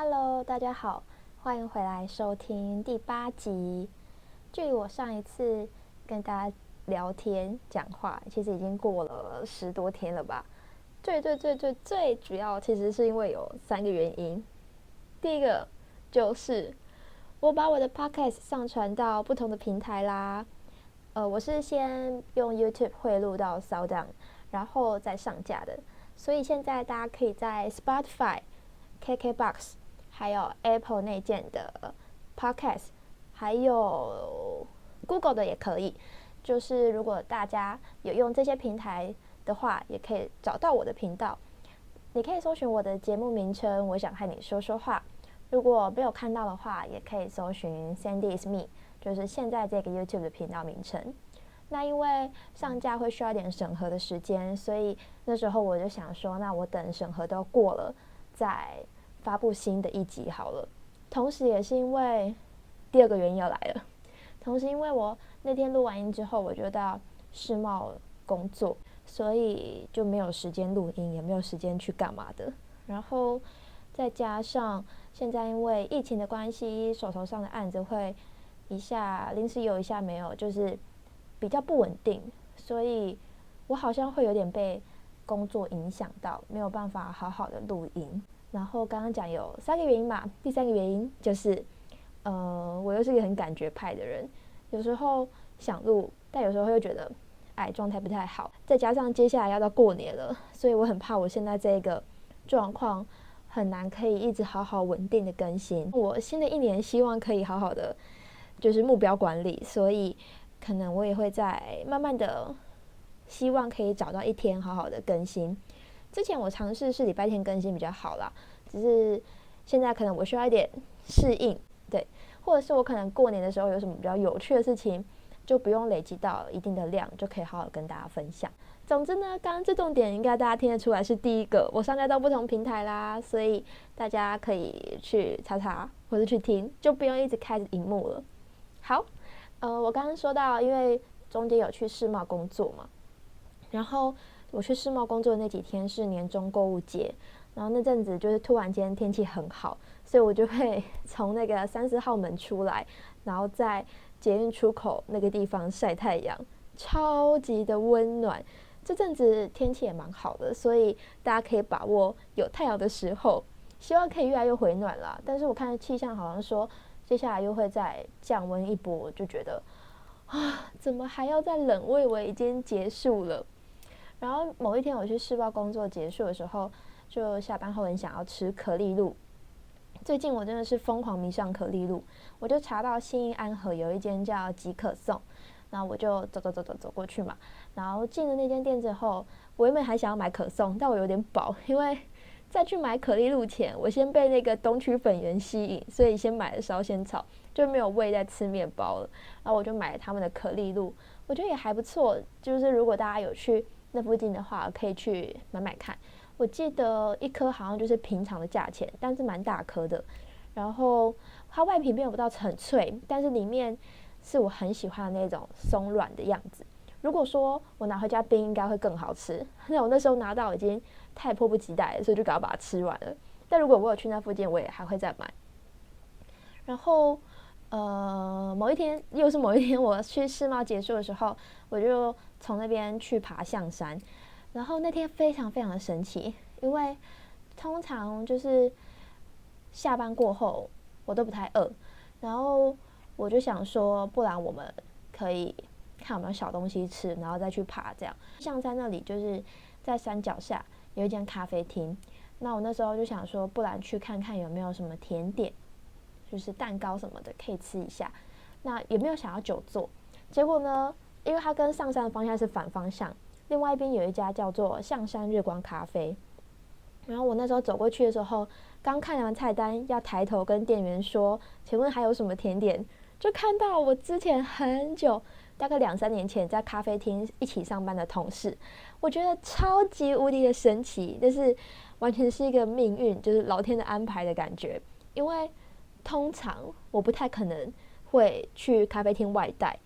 Hello，大家好，歡迎回來收聽第八集。距離我上一次跟大家聊天講話，其實已經過了十多天了吧？最最最最最主要其實是因為有三個原因。第一個就是我把我的 Podcast 上傳到不同的平台啦。呃，我是先用 YouTube 彙錄到 SoundOn，然後再上架的，所以現在大家可以在 Spotify、KKBox。還有 Apple 內建的 Podcast，還有 Google 的也可以。就是如果大家有用這些平台的話，也可以找到我的頻道。你可以搜尋我的節目名稱，我想和你說說話。如果沒有看到的話，也可以搜尋 Sandy is Me，就是現在這個 YouTube 的頻道名稱。那因為上架會需要點審核的時間，所以那時候我就想說，那我等審核都過了再。發布新的一集好了，同時也是因為第二個原因要來了。同時，因為我那天錄完音之後，我就到世貿工作，所以就沒有時間錄音，也沒有時間去幹嘛的。然後再加上現在因為疫情的關係，手頭上的案子會一下臨時有一下沒有，就是比較不穩定，所以我好像會有點被。工作影響到沒有辦法好好的錄音，然後剛剛講有三個原因吧，第三個原因就是，呃，我又是一個很感覺派的人，有時候想錄，但有時候又覺得，哎，狀態不太好，再加上接下來要到過年了，所以我很怕我現在這個狀況很難可以一直好好穩定的更新。我新的一年希望可以好好的就是目標管理，所以可能我也會再慢慢的。希望可以找到一天好好的更新。之前我嘗試是禮拜天更新比較好啦，只是現在可能我需要一點適應，對，或者是我可能過年的時候有什麼比較有趣的事情，就不用累積到一定的量就可以好好跟大家分享。總之呢，剛剛這重點應該大家聽得出來是第一個，我上架到不同平台啦，所以大家可以去查查或者去聽，就不用一直開着熒幕了。好，呃，我剛剛說到因為中間有去世貿工作嘛。然後我去世貿工作的那幾天是年終購物節，然後那陣子就是突然間天氣很好，所以我就會從那個三十號門出來，然後在捷運出口那個地方曬太陽，超級的溫暖。這陣子天氣也蠻好的，所以大家可以把握有太陽的時候，希望可以越來越回暖了。但是我看氣象好像說接下來又會再降溫一波，我就覺得啊，怎麼還要再冷？我以為已經結束了。然後某一天我去世報工作結束的時候，就下班後很想要吃可麗露。最近我真的是瘋狂迷上可麗露，我就查到新安和有一間叫吉可頌，那我就走走走走走過去嘛。然後進了那間店之後，我原本還想要買可頌，但我有點飽，因為在去買可麗露前，我先被那個東區粉圓吸引，所以先買了燒仙草，就沒有胃在吃麵包了。然後我就買了他們的可麗露，我覺得也還不錯。就是如果大家有去。那附近的話，可以去買買看。我記得一顆好像就是平常的價錢，但是蠻大顆的。然後它外皮沒有不到很脆，但是裡面是我很喜歡的那種鬆軟的樣子。如果說我拿回家冰，應該會更好吃。那我那時候拿到已經太迫不及待，所以就趕快把它吃完了。但如果我有去那附近，我也還會再買。然後。呃，某一天又是某一天，我去世貿結束的時候，我就從那邊去爬象山。然後那天非常非常的神奇，因為通常就是下班過後我都不太餓，然後我就想說，不然我們可以看有沒有小東西吃，然後再去爬。這樣象山那裡就是在山腳下有一間咖啡廳，那我那時候就想說，不然去看看有沒有什麼甜點。就是蛋糕什麼的可以吃一下，那也沒有想要久坐。結果呢，因為它跟上山的方向是反方向，另外一邊有一家叫做象山日光咖啡。然後我那時候走過去的時候，剛看完菜單，要抬頭跟店員說：“請問還有什麼甜點？”就看到我之前很久，大概兩三年前在咖啡廳一起上班的同事，我覺得超級無敵的神奇，就是完全是一個命運，就是老天的安排的感覺，因為。通常我不太可能會去咖啡廳外帶，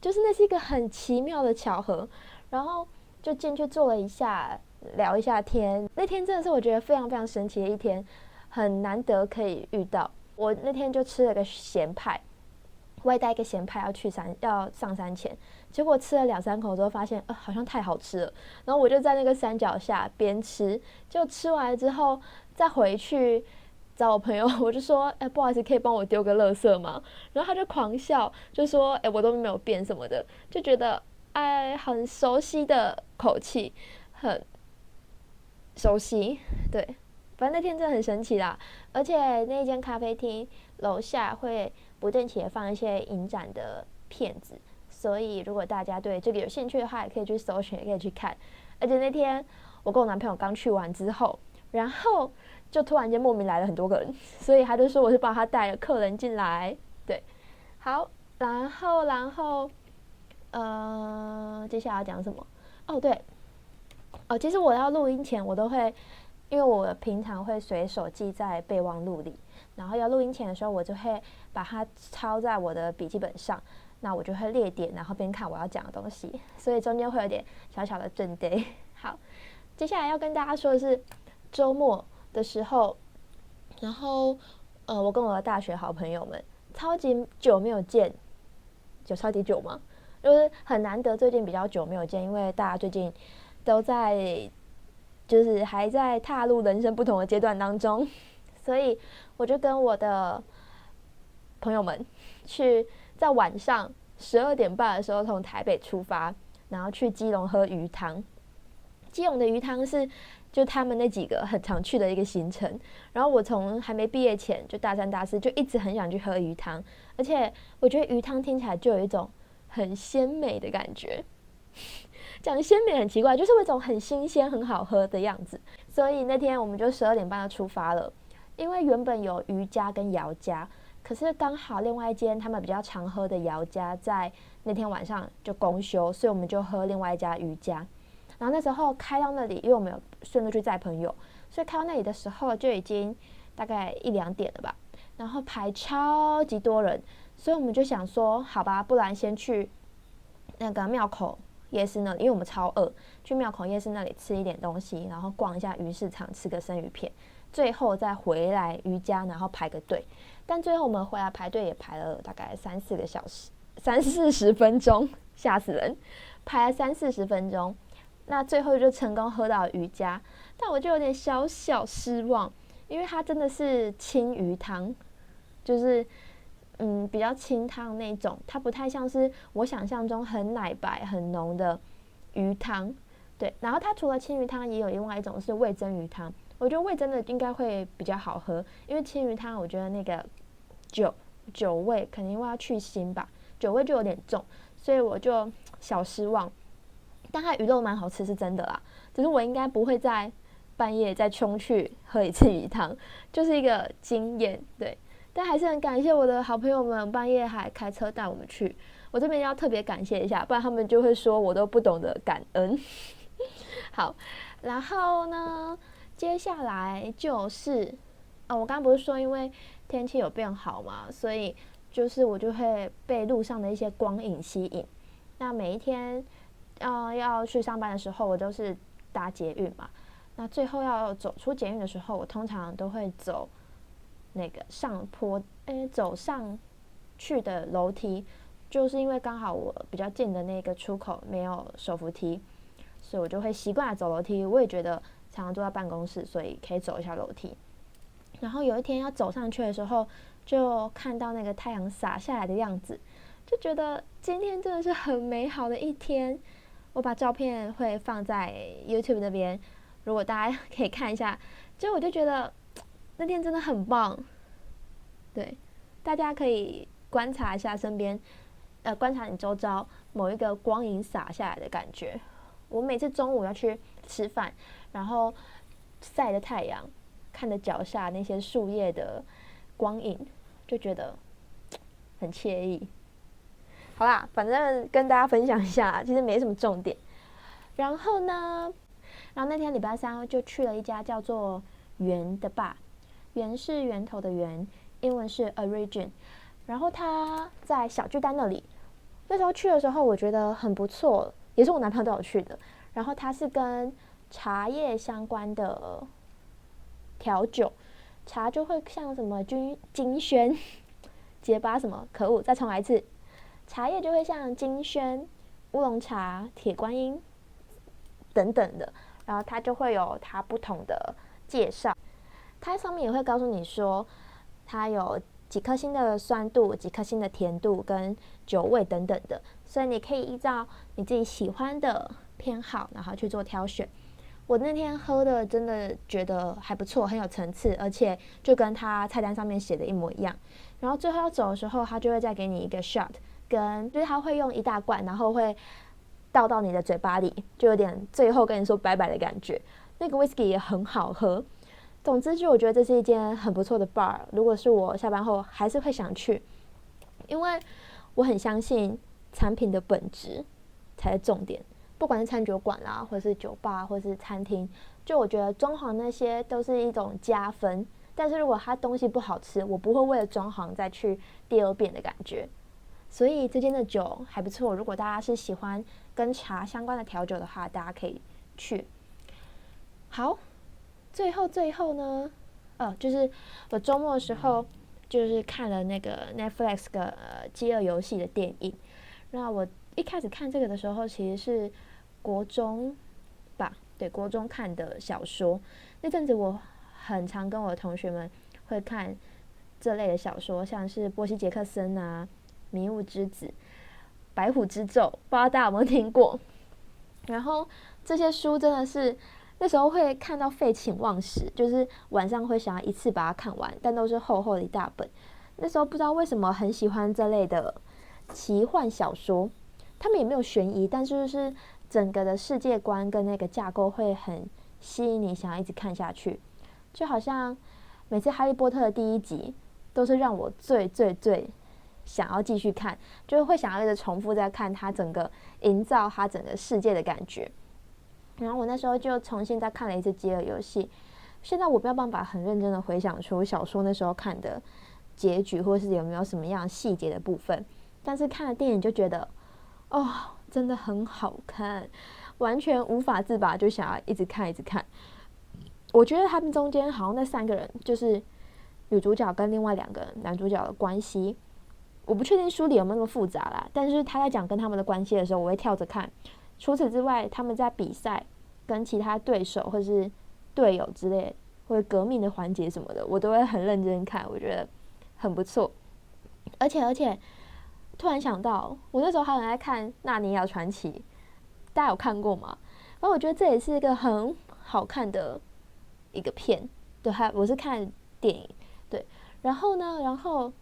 就是那是一個很奇妙的巧合，然後就進去坐了一下，聊一下天。那天真的是我覺得非常非常神奇的一天，很難得可以遇到。我那天就吃了個鹹派，外帶一個鹹派要去山要上山前，結果吃了兩三口之後發現，呃，好像太好吃了。然後我就在那個山腳下邊吃，就吃完了之後再回去。找我朋友，我就說，哎、欸，不好意思，可以幫我丟個垃圾嗎？然後他就狂笑，就說，哎、欸，我都沒有變什麼的，就覺得，哎，很熟悉的口氣，很熟悉。對，反正那天真的很神奇啦。而且那間咖啡廳樓下會不定期放一些影展的片子，所以如果大家對這個有興趣的話，也可以去搜尋，也可以去看。而且那天我跟我男朋友剛去完之後，然後。就突然間莫名來了很多個人，所以他就說我是幫他帶了客人進來。對，好，然後然後，嗯、呃，接下來要講什麼？哦，對，哦，其實我要錄音前我都會，因為我平常會隨手記在備忘錄裡，然後要錄音前的時候我就會把它抄在我的筆記本上，那我就會列點，然後邊看我要講的東西，所以中間會有點小小的準備。好，接下來要跟大家說的是週末。的時候，然後，呃，我跟我的大學好朋友們，超級久沒有見，就超級久嘛，就是很難得，最近比較久沒有見，因為大家最近都在，就是還在踏入人生不同的階段當中，所以我就跟我的朋友們去，在晚上十二點半的時候從台北出發，然後去基隆喝魚湯。基隆的魚湯是。就他們那幾個很常去的一個行程，然後我從還沒畢業前就大三大四就一直很想去喝魚湯，而且我覺得魚湯聽起來就有一種很鮮美的感覺， 講鮮美很奇怪，就是有一種很新鮮很好喝的樣子。所以那天我們就十二點半就出發了，因為原本有漁家跟姚家，可是剛好另外一間他們比較常喝的姚家在那天晚上就公休，所以我們就喝另外一家漁家。然後那時候開到那裡，因為我們有。順路去載朋友，所以開到那裡的時候就已經大概一兩點了吧。然後排超級多人，所以我們就想說，好吧，不然先去那個廟口夜市那裡，因為我們超餓，去廟口夜市那裡吃一點東西，然後逛一下魚市場，吃個生魚片，最後再回來漁家，然後排個隊。但最後我們回來排隊也排了大概三四個小時，三四十分鐘，嚇死人，排了三四十分鐘。那最後就成功喝到了瑜伽，但我就有點小小失望，因為它真的是清魚湯，就是嗯，比較清湯那種，它不太像是我想象中很奶白、很濃的魚湯。對，然後它除了清魚湯，也有另外一種是味噌魚湯，我覺得味噌的應該會比較好喝，因為清魚湯我覺得那個酒酒味肯定要去腥吧，酒味就有點重，所以我就小失望。但它魚肉蠻好吃，是真的啦。只是我應該不會在半夜再衝去喝一次魚湯，就是一個經驗。對，但還是很感謝我的好朋友們半夜還開車帶我們去。我這邊要特別感謝一下，不然他們就會說我都不懂得感恩。 好，然後呢，接下來就是，哦，我剛剛不是說因為天氣有變好嘛，所以就是我就會被路上的一些光影吸引。那每一天。要、呃、要去上班的時候，我都是搭捷運嘛。那最後要走出捷運的時候，我通常都會走那個上坡，哎、欸，走上去的樓梯，就是因為剛好我比較近的那個出口沒有手扶梯，所以我就會習慣走樓梯。我也覺得常常坐在辦公室，所以可以走一下樓梯。然後有一天要走上去的時候，就看到那個太陽灑下來的樣子，就覺得今天真的是很美好的一天。我把照片會放在 YouTube 那邊，如果大家可以看一下，就我就覺得那天真的很棒。對，大家可以觀察一下身邊，呃，觀察你周遭某一個光影灑下來的感覺。我每次中午要去吃飯，然後曬着太陽，看着腳下那些樹葉的光影，就覺得很愜意。好啦，反正跟大家分享一下，其實沒什麼重點。然後呢，然後那天禮拜三就去了一家叫做“源”的吧，“源”是源頭的“源”，英文是 origin。然後他在小巨蛋那裡。那時候去的時候，我覺得很不錯，也是我男朋友帶我去的。然後他是跟茶葉相關的調酒，茶就會像什麼君金萱、結巴什麼，可惡，再重來一次。茶葉就會像金萱、烏龍茶、鐵觀音等等的，然後它就會有它不同的介紹。它上面也會告訴你說，它有幾顆星的酸度、幾顆星的甜度跟酒味等等的，所以你可以依照你自己喜歡的偏好，然後去做挑選。我那天喝的真的覺得還不錯，很有層次，而且就跟它菜單上面寫的一模一樣。然後最後要走的時候，他就會再給你一個 shot。人就是他會用一大罐，然後會倒到你的嘴巴裡，就有點最後跟你說拜拜的感覺。那個 whiskey 也很好喝。總之，就我覺得這是一間很不錯的 bar。如果是我下班後，還是會想去，因為我很相信產品的本質才是重點。不管是餐酒館啦、啊，或是酒吧，或是餐廳，就我覺得裝潢那些都是一種加分。但是如果它東西不好吃，我不會為了裝潢再去第二遍的感覺。所以這間的酒還不錯。如果大家是喜歡跟茶相關的調酒的話，大家可以去。好，最後最後呢，哦，就是我周末的時候就是看了那個 Netflix 的，呃，《飢餓遊戲》的電影。那我一開始看這個的時候，其實是國中吧，對，國中看的小說。那陣子我很常跟我的同學們會看這類的小說，像是波西·傑克森啊。迷霧之子、白虎之咒，不知道大家有沒有聽過？然後這些書真的是那時候會看到廢寢忘食，就是晚上會想要一次把它看完，但都是厚厚的一大本。那時候不知道為什麼很喜歡這類的奇幻小說，他們也沒有懸疑，但是就是整個的世界觀跟那個架構會很吸引你，想要一直看下去。就好像每次《哈利波特》的第一集都是讓我最最最。想要繼續看，就會想要一直重複再看他整個營造他整個世界的感覺。然後我那時候就重新再看了一次《飢餓遊戲》，現在我沒有辦法很認真的回想出小說那時候看的結局，或是有沒有什麼樣細節的部分。但是看了電影就覺得，哦，真的很好看，完全無法自拔，就想要一直看一直看。我覺得他們中間好像那三個人，就是女主角跟另外兩個男主角的關係。我不確定書裡有沒有那麼複雜啦，但是他在講跟他們的關係的時候，我會跳着看。除此之外，他們在比賽、跟其他對手或是隊友之類，或者革命的環節什麼的，我都會很認真看。我覺得很不錯。而且，而且，突然想到，我那時候還很愛看《納尼亞傳奇》，大家有看過嗎？然後我覺得這也是一個很好看的一個片。對，還我是看電影。對，然後呢？然後。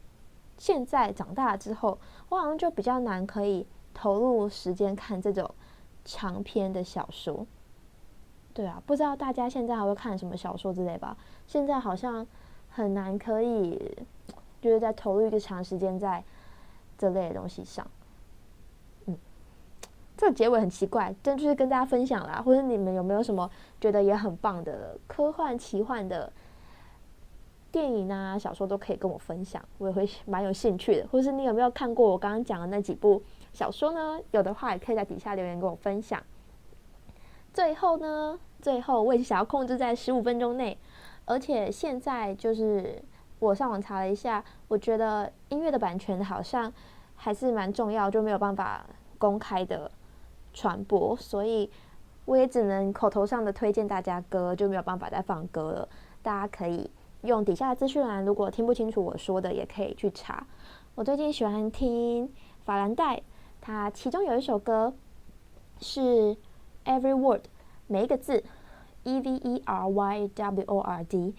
現在長大之後，我好像就比較難可以投入時間看這種長篇的小說。對啊，不知道大家現在還會看什麼小說之類吧？現在好像很難可以，就是在投入一個長時間在這類的東西上。嗯，這個結尾很奇怪，但就，就是跟大家分享啦。或者你們有沒有什麼覺得也很棒的科幻、奇幻的？電影啊，小說都可以跟我分享，我也會蠻有興趣的。或是你有沒有看過我剛剛講的那幾部小說呢？有的話也可以在底下留言跟我分享。最後呢，最後我也想要控制在十五分鐘內，而且現在就是我上網查了一下，我覺得音樂的版權好像還是蠻重要，就沒有辦法公開的傳播，所以我也只能口頭上的推薦大家歌，就沒有辦法再放歌了。大家可以。用底下的資訊欄，如果聽不清楚我說的，也可以去查。我最近喜歡聽法蘭黛，他其中有一首歌是《Every Word》，每一個字，E V E R Y W O R D。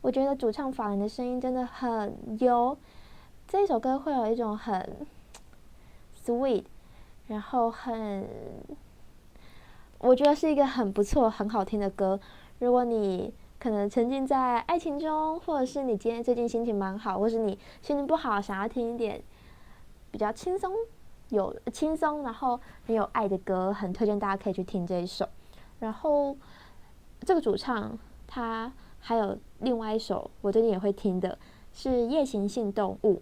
我覺得主唱法蘭的聲音真的很優，這首歌會有一種很 sweet，然後很，我覺得是一個很不錯、很好聽的歌。如果你可能沉浸在愛情中，或者是你今天最近心情蠻好，或是你心情不好，想要聽一點比較輕鬆、有輕鬆然後很有愛的歌，很推薦大家可以去聽這一首。然後這個主唱他還有另外一首我最近也會聽的，是《夜行性動物》，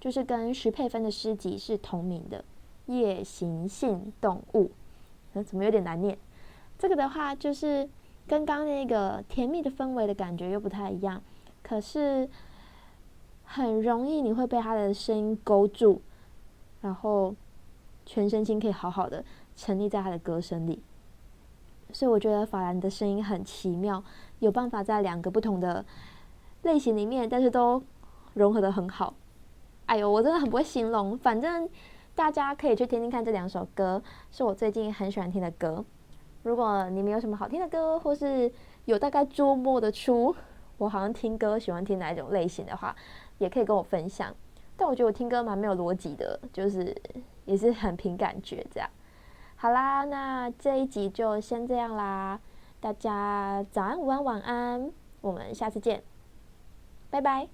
就是跟徐佩芬的詩集是同名的《夜行性動物》。嗯，怎麼有點難念？這個的話就是。跟剛剛那個甜蜜的氛圍的感覺又不太一樣，可是很容易你會被他的聲音勾住，然後全身心可以好好的沉溺在他的歌聲裡。所以我覺得法蘭的聲音很奇妙，有辦法在兩個不同的類型裡面，但是都融合得很好。哎呦，我真的很不會形容，反正大家可以去聽聽看這兩首歌，是我最近很喜歡聽的歌。如果你們有什麼好聽的歌，或是有大概捉摸得出我好像聽歌喜歡聽哪一種類型的話，也可以跟我分享。但我覺得我聽歌蠻沒有邏輯的，就是也是很憑感覺這樣。好啦，那這一集就先這樣啦，大家早安、午安、晚安，我們下次見，拜拜。